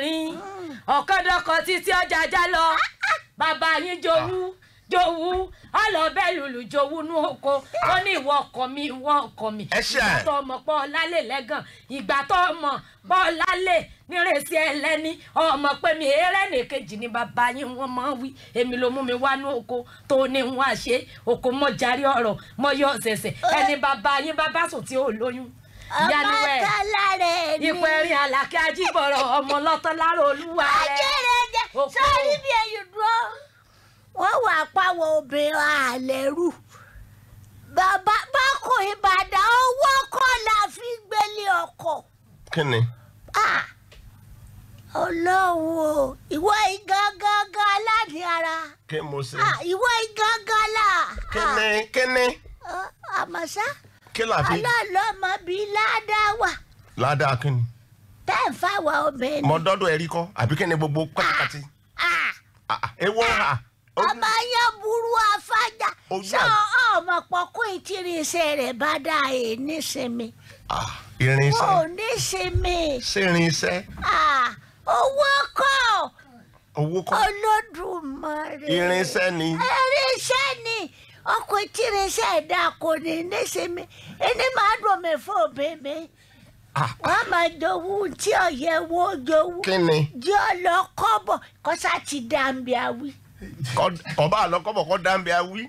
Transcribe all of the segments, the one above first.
obìnrin ah. ọ̀kọ́dọ́kọ títí ọjà já lọ ah, ah. bàbá yín jowú jowú ọlọ́bẹ̀ lùlù jowú nú oko ó ní ìwọ ọkọ mi ìwọ ọkọ mi ìgbà ọmọ pọ̀ lálẹ́ lẹ́gàn ìgbà ọmọ pọ̀ lálẹ́ nírèsí ẹlẹ́ni ọmọ pé mi eré nìkejì ni bàbá yín wọ́n máa wí èmi ló mú mi wá ní oko tó ní wọn àṣẹ oko mọ́ jarí ọ̀rọ̀ mọ́ yọ ọ̀sẹ̀sẹ̀ ẹni bàbá yín bàbá sùn tí ó lóyún yanuwe ìpẹ̀rin àlàkẹ́ ajíbọ̀rọ̀ ọmọ lọ́tọ́ lára olúwa rẹ̀. ajẹ́rẹ́jẹ́ sọ́ọ́rí bí ẹ̀yìn dúró wọ́n wà pàwọ̀ obìnrin àlẹ́rù bàbá bákò ìbàdàn owó kọ́ la fi gbélé ọkọ̀. kí ni. ọlọ́wọ́ ìwọ ìgangangan aládìí ara. kí mo ṣe. ìwọ ìgangan la. kí ni kí ni. àmọ́ ṣá kí la fi. ọlọ́lọ́mọ bíi ládàá wà. ládàá kí ni. tẹ́ ẹ̀ fáwọn obìnrin. mo dọ́dọ̀ ẹ̀rí kọ́ àbí kí ni gbogbo pátákátí. Ah, ah. ah, ewo ha. ọmọ yẹn burú afájà ṣé ọmọ pọkú ìtìrì iṣẹ́ rẹ̀ bá dà ẹ̀ nísinmi. irinṣẹ́. kò nísinmi. sí irinṣẹ́. owó kọ́. owó kọ́. olódùmarè. irinṣẹ́ ni. irinṣẹ́ ni ɔkɔkyere sɛ ɛda akɔne ne se me ɛne maadɔ me fo beme wama dowu nti ɔyɛ wo dowu di ɔlɔkɔbɔ kɔsa ti dambiawi. kɔba alɔkɔbɔ kɔ dambiawi.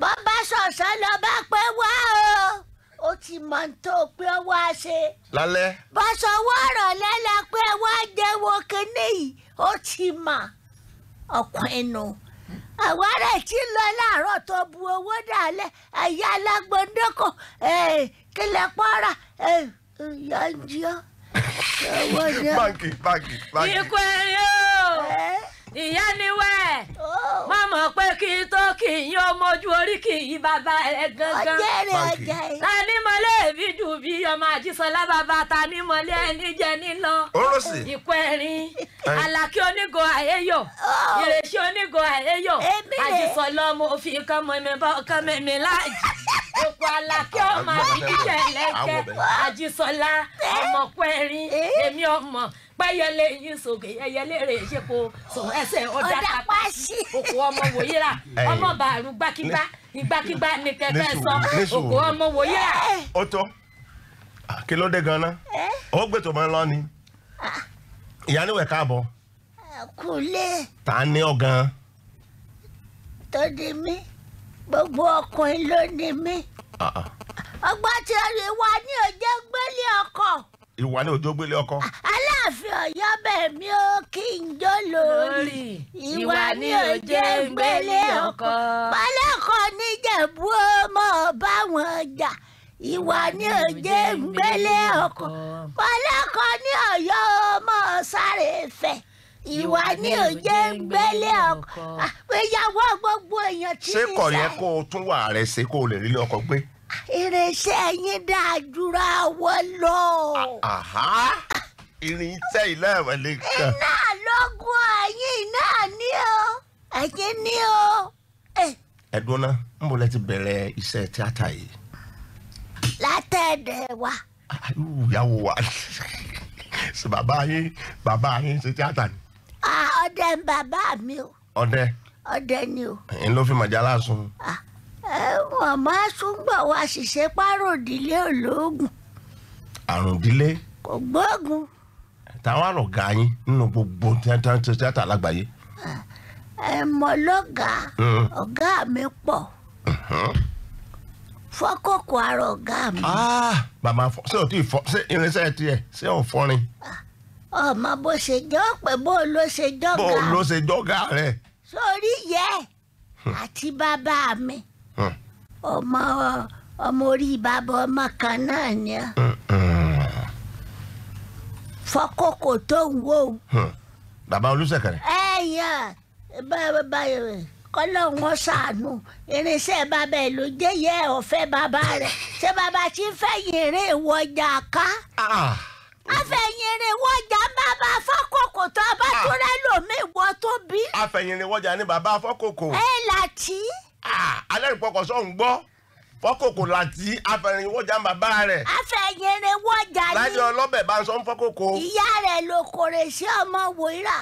bọ́bá sọ̀sọ́ lọ bá pé wá o ó ti mọ̀ tó pé wá ṣe. lálẹ́. bọ́sọ̀wọ́ ọ̀rọ̀ lẹ́la pé wá jẹ́wọ́ kínní yìí o ti mọ̀ ọ̀pọ̀ ẹnu àwárẹ̀ tí ń lọ láàárọ̀ tó bu owó dàlẹ́ ẹ̀yà alágbóńdókò eh, kílẹ̀ pọ́ra eh, ìyá ń jí ọ́. báńkì báńkì báńkì. ikú ẹ̀rí eh? ìyá ni má mọ̀ pé kí n tó kì í yín ọmọ ojú orí kì í bàbá ẹ gangan. ọjẹ́ rẹ̀ dùn bí ọmọ àjísọ́lá bàbá ta ẹni jẹ nílọ. oró sì. alákí onígo ayéyọ ìrèṣẹ́ go aheyo àjùsọ lọmọ òfin kọmọ mi bá ọkọ mi mi láàjì epo alákẹ́ ọmọ àbíkíkẹ́ lẹ́kẹ́ àjùsọlá ọmọ pẹ́rin èmi ọmọ pẹ́yẹlé yín sògè ẹyẹlé rè ṣe sọ ẹsẹ̀ ọ̀dà kápá òkú ọmọ wòyíra ọmọ bàrú gbákígbá ìgbákígbá ni kẹkẹ sọ òkú ọmọ wòyíra. Eh. ó tọ́ ah, kí ló dé ganan eh? ó gbẹ̀tọ̀ mọ́ ẹ lọ́ni ah. ìyá níwẹ̀ káàbọ̀. Kúnlé. ta ni ọ gan. tó ni mí gbogbo ọkùnrin ló ni mí. Ah, ah. ọgbọ́n ti rí wa ní òjò gbélé ọkọ. ìwà ní òjò gbélé ọkọ. aláàfin Ọ̀yọ́ bẹ̀ mí ó kí n jó lórí. ìwà ní òjò gbélé ọkọ. pálọ̀kọ níjẹ̀bú ọmọ ọba wọn jà ìwà ní òjé ń gbélé ọkọ pálọ̀kọ ní Ọ̀yọ́ ọmọ sáré fẹ́ ìwà ni ò jẹ́ gbélé ọkọ ìyàwó ah, gbogbo èèyàn tí ń sẹ́. ṣé kò yẹ kó o tún wà rẹ ṣe kó o lè rí ilé ọkọ gbé. irinṣẹ́ yín dáa jura wọ́n lọ. irinṣẹ́ ilé ẹ̀wẹ̀ lè kàn. iná lógún ẹ̀yìn náà ní o ẹ̀yìn ní o. Eh. ẹ̀dùn náà ń bọ̀ lẹ́ti bẹ̀rẹ̀ iṣẹ́ tíátà yìí. látẹ̀dẹ̀ wa. ìyàwó wa bàbá yín bàbá yín ṣe tíátà ni. Ah, ọdẹ ń bàbá mi o. ọdẹ. ọdẹ ni o. n ló fi màjá láàsùn. Ah, wọ́n máa súngbọ̀ wá ṣiṣẹ́ páròdílé olóògùn. àrùndílé. kò gbóògùn. táwọn àlọ́gà yín nínú gbogbo tíátà lágbàáyé. Ah, ẹ mọ lọ́gàá hmm. ọ̀gá mi pọ̀ fọ́kọ̀kọ̀ àrọ̀ ọ̀gá mi. bàbá fọ ṣé o ti fọ ṣé irinṣẹ́ tiẹ̀ ṣé o fọrin. ọmọ bó ṣe jọ́ pé bó ló ṣe jọ́gà bó ló ṣe jọ́gà rẹ̀. sórí yẹ àti bàbá mi ọmọ ọmọ orí bàbá ọmọ kan náà ni fọkókò tó ń wò. bàbá olùsẹ̀kẹ̀rẹ̀. ẹ yàn bàbá kọ́lọ́hún wọn ṣàánú irinṣẹ́ bàbá ẹ̀ ló jẹ́ yẹ ọ̀fẹ́ bàbá rẹ̀ ṣé bàbá tí ń fẹ́ yìnrìn ìwọjà ká. Ah afẹ̀yìnrìn wọjà bàbá fọ́kòkò tó a bá ah. tó rẹ́ lómi ìwọ tó bí. afẹ̀yìnrìn wọjà ni bàbá fọ́kòkò. ẹ làtí. Ah, alẹ́rìípọkọ̀ sọ̀hún gbọ́ fọ́kòkò làtí afẹ̀yìnrìn wọjà bàbá rẹ̀. afẹ̀yìnrìn wọjà ni. lájọ ọlọ́bẹ̀ bá ń sọ fọ́kòkò. ìyá rẹ̀ ló kórè sí ọmọ wòírà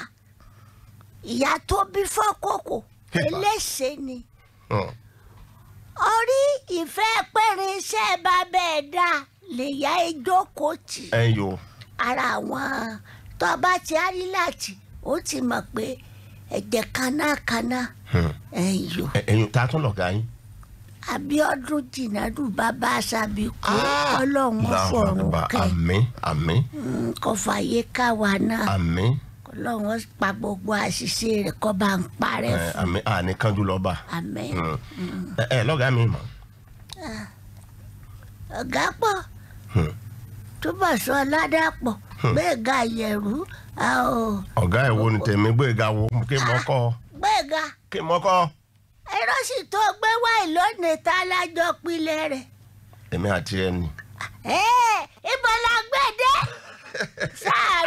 ìyá tó bí fọ́kòkò eléṣe ni hmm. orí ìfẹ́ pẹ̀rin iṣẹ́ bàbá ẹ̀ dá lèyà ìjókòó tì. ẹ yòó ara àwọn tó a bá ti arí láti ó ti mọ̀ pé ẹ̀jẹ̀ kánákáná hmm. ẹ̀yìn yòó. ẹ̀yin ta tún lọ̀gá yín. Abíọ́dún Jìnàdù bàbá àṣàbí kú ah! Ọlọ́run fọ̀run kẹ àmín àmín. Hmm, kò fàyè káwa náà àmín. Ọlọ́run pa gbogbo àṣìṣe rẹ̀ kó bá ń parẹ́ eh, fún. àní kánjú lọ́ba. ẹ ẹ lọ́gàá mi mọ̀. Ah. ọ̀gá pọ̀. Hmm. túbọ̀sọ ládàpọ̀ gbẹ̀gà yẹ̀rú. ọ̀gá ẹ̀ wo ni tèmi gbẹ̀gà wo kí mo kọ́. Ah, gbẹ̀gà. kí mo kọ́. ẹ̀rọ sì tó gbé wáì lónìí tá a lájọ pilẹ̀ rẹ̀. èmi àti ẹ ẹ̀ẹ́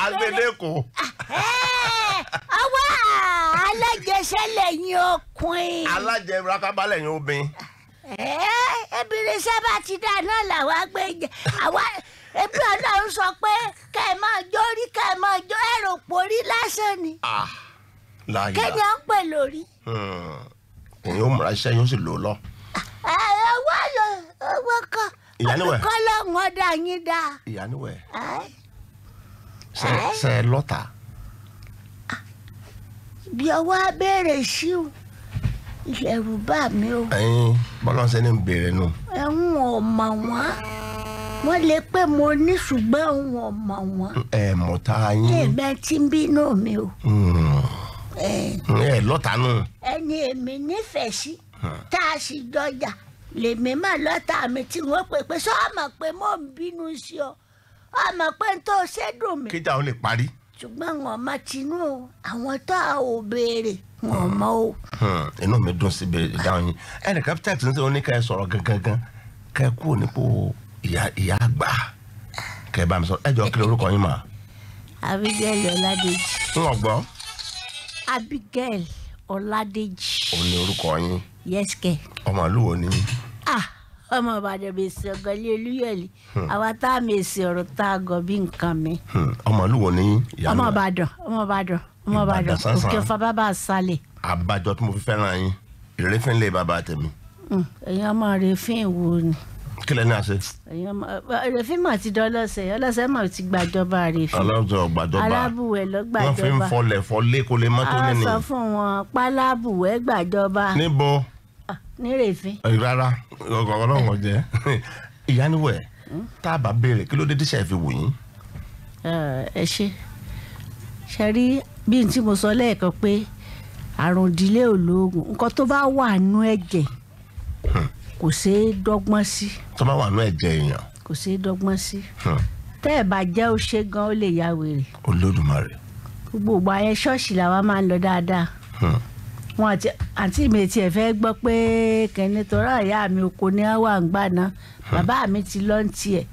agbede kò. ọwọ́ alájẹsẹ́ lẹ́yìn ọkùnrin. alájẹ lẹ́yìn obìnrin. ẹ̀ẹ́ ebìnrin sábà ti dáná làwọn àwa ẹbí ọlọ́run sọ pé kẹ́ ẹ máa jó rí kẹ́ ẹ máa jó ẹ̀rọ porí lásán ni kéde ó ń pè lórí. Hmm, èyí ó múra iṣẹ́ yóò sì lò ó lọ. ẹ wá lọ owó kan olùkọ́ lọ́hùn ọ̀dà yín dá. ìyáníwẹ̀ ṣe é lọ́ta. bí ọwọ́ abẹ́rẹ́ sí o ilẹ̀ rúbà mi o. ẹyin bọ́lá ń sẹ́ni ń béèrè nù. ẹ̀hún ò mọ̀ wọ́n wọ́n lè pé mo ní ṣùgbọ́n òun ọmọ wọn. ẹ mọ̀ tá a yín. èèmẹ ti ń bínú mi o. Hmm. ẹ lọ́tàánú. ẹni èmi nífẹ̀ẹ́ sí hmm. tá a sì dọjà lèmi mà lọ́tà mi tí wọ́n pè pé sọ ọmọ pé mò ń bínú sí ọ ọmọ pé n tó ṣe dùn mí. kíjà ó lè parí. ṣùgbọ́n àwọn ọmọ tinú àwọn tó a ò béèrè wọn ọmọ o. Hmm. inú mi dùn sí ìbéèrè dáhùn yín ẹnì kápítẹ́ẹ̀tì ní sọ ní sọ̀rọ̀ gangan ká ẹ kúrò nípò ìyá ìyá àgbà kẹ bá mi sọ ẹ jọ kí lorúkọ yín mà. Abigail Ọládèjì. n ò gbọ́. Abigail Ọládèjì. o ní orúkọ yín. yes kẹ. ọmọ ìlú wo ni. ah ọmọ Ìbàdàn mèsì ọgọlẹ olúyọlẹ àwa tá a mèsì ọ̀rọ̀ tá a gọ bí nǹkan mi. Hmm. ọmọ ìlú wo ni. ọmọ Ìbàdàn ọmọ Ìbàdàn ọmọ Ìbàdàn òkè fàbàbà sálẹ. àbájọ tí mo fi fẹ́ràn yín ìrẹ́fínlẹ̀ bàbá tèmi. Hmm, ẹ̀yin ọmọ rẹ̀ fín ìwo ni kí lẹ́ni àṣẹ. rẹ̀fímọ̀ ti dán ọlọ́sẹ̀ ọlọ́sẹ̀ mọ̀ ti gbàjọba rẹ̀fí. ọlọ́sẹ̀ ọ̀gbàjọba alábùwẹ̀ ló gbàjọba. wọ́n fi ń fọlẹ̀ fọlé kó lè mọ́tò nínú. a sọ fún wọn pálábùwẹ̀ gbàjọba. níbo. ní rárá ọlọ́run ọ̀jẹ̀ ìyániwẹ̀ hmm? tá a bá béèrè kí ló dé díṣẹ́ fi wù yín. ẹ ṣe ṣe rí bí n tí mo sọ lẹ́ẹ̀kan pé àrùn ìdílé olóògùn nǹkan tó bá wà nú ẹ̀jẹ̀ hmm kò ṣeé dọ́gbọ́n sí. tó bá wà ní ẹ̀jẹ̀ èèyàn. kò ṣeé dọ́gbọ́n sí. Hmm. tẹ́ ẹ̀ bá jẹ́ ó ṣe gan ó lè ya wèrè. olódùmarè. gbogbo ìgbà yẹn ṣọ́ọ̀ṣì làwa máa ń lọ dáadáa. Hmm. wọn àti àǹtí mi ti ẹ̀ fẹ́ gbọ́ pé kẹ́ni tọ́ra ìyá mi oko ní wà ń gbà náà hmm. bàbá mi ti lọ́ ń tiẹ̀.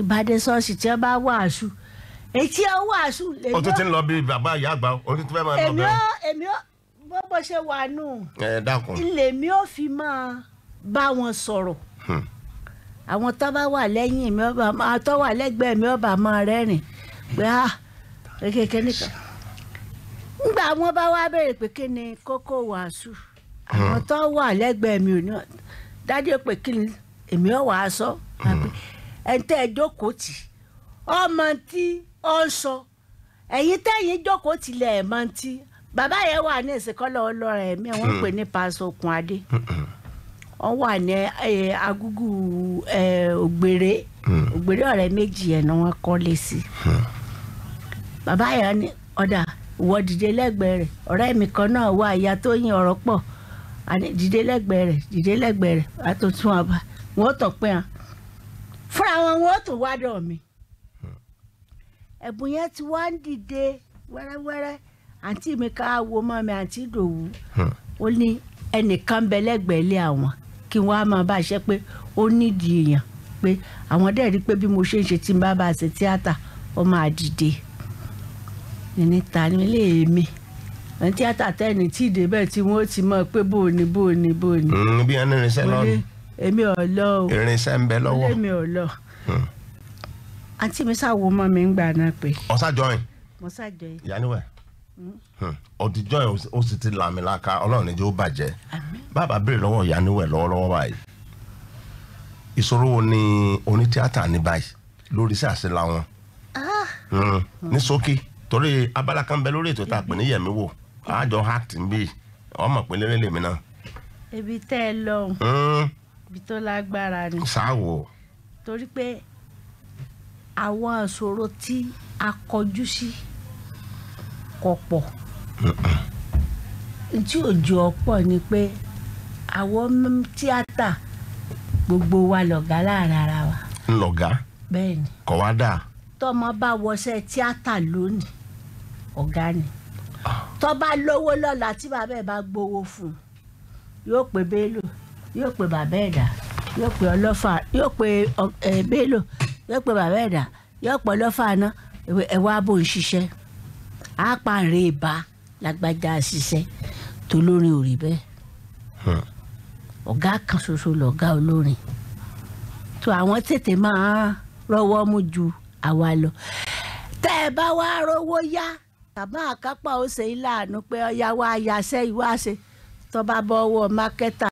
ìbàdí ṣọ́ọ̀ṣì tí wọ́n bá wàásù etí ọwọ́ àṣù. o tún ti ń lọ bí bàbá o tún ṣe wà nù. ẹ dákun. ilé mi ò fi máa bá wọn sọ̀rọ̀ hmm. àwọn tó bá wà lẹ́yìn mi ọba máa tó wà lẹ́gbẹ̀ẹ́ mi ọba máa rẹ́rìn pé á ah, kékeré nìkan ngbà wọn bá wá béèrè pé kí ni kókó wàásù àwọn hmm. tó wà lẹ́gbẹ̀ẹ́ mi ò ní dájú pé kí ni èmi ọ̀ wàá sọ hmm. ẹni tẹ́ ẹ jókòó tì ọmọ tí ó ń sọ ẹ̀yin tẹ́yìn jókòó tilẹ̀ ẹ̀ mọ́ bàbá yẹn wà ní ìsìnkọ́lọ́ ọlọ́run ẹ̀mí pè ní pásọ okùn adé wọ́n wà ní agúgù ògbèrè ògbèrè hmm. ọ̀rẹ́ méjì yẹn ni wọ́n kọ́lé sí hmm. bàbá yẹn ní ọ̀dà ìwọ dìde lẹ́gbẹ̀ẹ́ rẹ̀ ọ̀rẹ́ mi kan náà wà ìyá tó yin ọ̀rọ̀ pọ̀ dìde lẹ́gbẹ̀ẹ́ rẹ̀ dìde lẹ́gbẹ̀ẹ́ rẹ̀ àtúntún àbá wọ́n tọ̀ pé hàn fúnra wọn wọ́n tún wá dọ̀ mi hmm. ẹ̀bùn yẹn ti wá ń dìde wẹ́rẹ́wẹ́rẹ́ àǹtí mi ká wo mọ́ mi àǹtí Ìdòwú ó ní ẹnìkan bẹ lẹ́gbẹ̀ẹ́ lé àwọn kí wọ́n á máa bá iṣẹ́ pé ó nídìí èèyàn pé àwọn dẹ̀ rí pé bí mo ṣe ń ṣe tí n bá bá a ṣe tíátà ó máa dìde ní ta ni ilé mi àwọn tíátà tẹ́ni tí ìdè bẹ́ẹ̀ tí wọ́n ti mọ̀ pé bò ní bò bí wọn ní irinṣẹ́ lọ́nù. èmi ò lọ o. irinṣẹ́ ń bẹ lọ́wọ́. èmi ò lọ. Hmm. àǹtí mi ṣàwọ̀ ọmọ mi ń gbà náà pé. ọ̀sàjọ́ yìí. mo ṣàjọ ìyá níwẹ̀ ọtijọ́ yẹn o sì ti làmì laka ọlọ́run níjẹ́ ó bàjẹ́ bàbá béèrè lọ́wọ́ ìyaníwẹ̀ lọ́wọ́lọ́wọ́ báyìí ìṣòro wo ni onítíátà ní báyìí lórí sí àṣìlá wọn ah. hmm. ní ṣókí torí abala kan bẹ lórí ètò tá a pè ní yẹ̀mí wò àjọ act ń bì ọmọ pé lérè lèmi náà. ibi tẹ́ ẹ lọ́hùn hmm. ibi tó lágbára ni. sáwò. torí pé àwọn ìṣòro tí a kọjú sí. Si ọkọ pọ̀ tí òjò ọ̀pọ̀ ni pé àwọn tíátà gbogbo wa lọ̀gá láàrin ara wa. ńlọ̀gá. bẹ́ẹ̀ni. kọ̀ wá dà. tọmọ bá wọṣẹ́ tíátà lónìí ọ̀gá ni ah. tọ́ bá lówó lọ́la tí bàbá ẹ̀ bá gbowó fún un yóò pe Bello yóò pe bàbá ẹ̀ dà yóò pe ọlọ́fà yóò pe eh, Bello yóò pe bàbá ẹ̀ dà yóò pe ọlọ́fà náà ẹ̀wá bò ń ṣiṣẹ́ àpàrẹ ìbá lágbájá ṣiṣẹ́ tó lórin ò rí bẹ́ẹ̀ hmm. ọ̀gá kan ṣoṣo lọ̀gá olórin tó àwọn tètè máa rọ́wọ́ mú ju àwa lọ tẹ́ ẹ bá wá rówó yá bàbá àkápà ó ṣe é pé ọ̀yá wa yàṣẹ́ ìwáṣe tó bá bọ́ ọwọ́ mákẹ́tà.